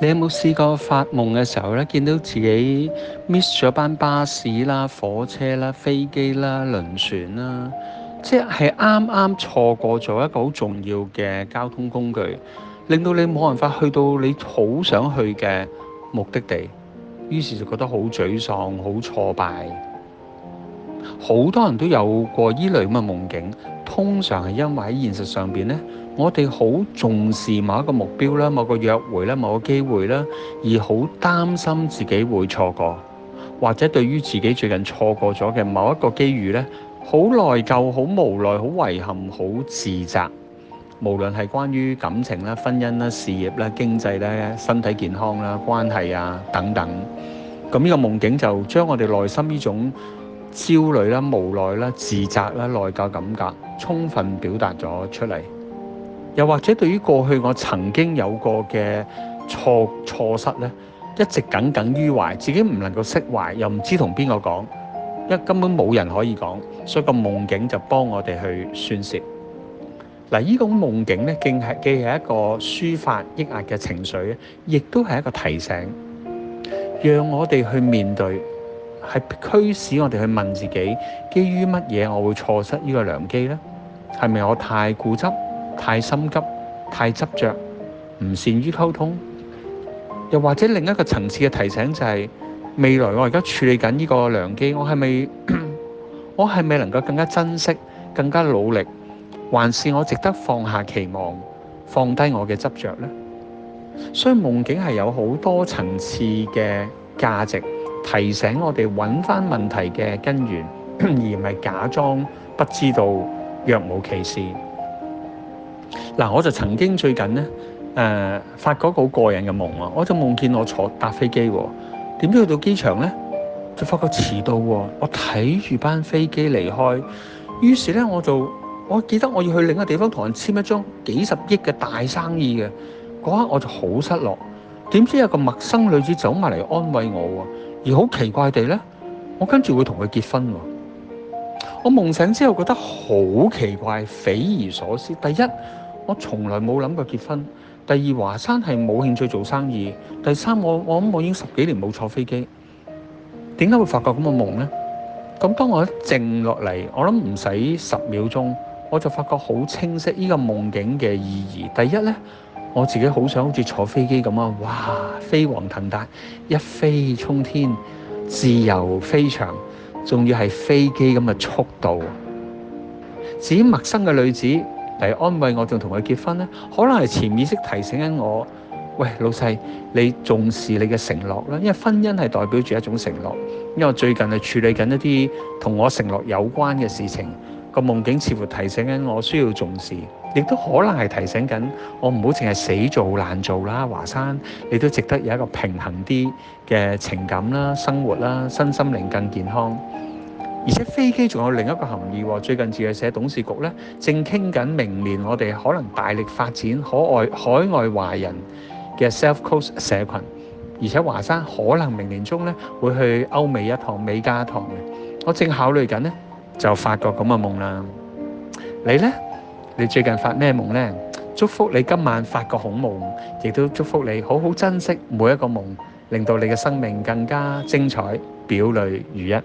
你有冇試過發夢嘅時候咧，見到自己 miss 咗班巴士啦、火車啦、飛機啦、輪船啦，即係啱啱錯過咗一個好重要嘅交通工具，令到你冇辦法去到你好想去嘅目的地，於是就覺得好沮喪、好挫敗。好多人都有過依類咁嘅夢境。通常係因為喺現實上邊呢，我哋好重視某一個目標啦、某個約會啦、某個機會啦，而好擔心自己會錯過，或者對於自己最近錯過咗嘅某一個機遇呢，好內疚、好無奈、好遺憾、好自責。無論係關於感情啦、婚姻啦、事業啦、經濟啦、身體健康啦、關係啊等等，咁呢個夢境就將我哋內心呢種焦慮啦、無奈啦、自責啦、內疚感覺，充分表達咗出嚟，又或者對於過去我曾經有過嘅錯錯失呢，一直耿耿於懷，自己唔能夠釋懷，又唔知同邊個講，因為根本冇人可以講，所以個夢境就幫我哋去宣泄。嗱，呢種夢境呢，既係既係一個抒發抑壓嘅情緒，亦都係一個提醒，讓我哋去面對，係驅使我哋去問自己：「基於乜嘢我會錯失呢個良機呢？」係咪我太固執、太心急、太執着，唔善於溝通？又或者另一個層次嘅提醒就係、是、未來我而家處理緊呢個良機，我係咪 我係咪能夠更加珍惜、更加努力，還是我值得放下期望、放低我嘅執着呢？所以夢境係有好多層次嘅價值，提醒我哋揾返問題嘅根源， 而唔係假裝不知道。若無其事。嗱，我就曾經最近咧，誒、呃、發嗰個好過癮嘅夢啊。我就夢見我坐搭飛機喎，點知去到機場呢，就發覺遲到喎，我睇住班飛機離開，於是呢，我就我記得我要去另一個地方同人簽一張幾十億嘅大生意嘅，嗰刻我就好失落，點知有個陌生女子走埋嚟安慰我喎，而好奇怪地呢，我跟住會同佢結婚喎。我夢醒之後覺得好奇怪、匪夷所思。第一，我從來冇諗過結婚；第二，華山係冇興趣做生意；第三，我我諗我已經十幾年冇坐飛機。點解會發覺咁嘅夢呢？咁當我一靜落嚟，我諗唔使十秒鐘，我就發覺好清晰呢個夢境嘅意義。第一呢，我自己好想好似坐飛機咁啊，哇！飛黃騰達，一飛沖天，自由飛翔。仲要係飛機咁嘅速度，至於陌生嘅女子嚟安慰我，仲同佢結婚咧，可能係潛意識提醒緊我，喂，老細，你重視你嘅承諾啦，因為婚姻係代表住一種承諾，因為我最近係處理緊一啲同我承諾有關嘅事情。個夢境似乎提醒緊我需要重視，亦都可能係提醒緊我唔好淨係死做爛做啦。華山，你都值得有一個平衡啲嘅情感啦、生活啦、身心靈更健康。而且飛機仲有另一個含義喎。最近自在社董事局咧，正傾緊明年我哋可能大力發展海外海外華人嘅 self coast 社群。而且華山可能明年中咧會去歐美一趟，美加一趟嘅。我正考慮緊咧。就發個咁嘅夢啦，你呢？你最近發咩夢呢？祝福你今晚發個好夢，亦都祝福你好好珍惜每一個夢，令到你嘅生命更加精彩，表裏如一。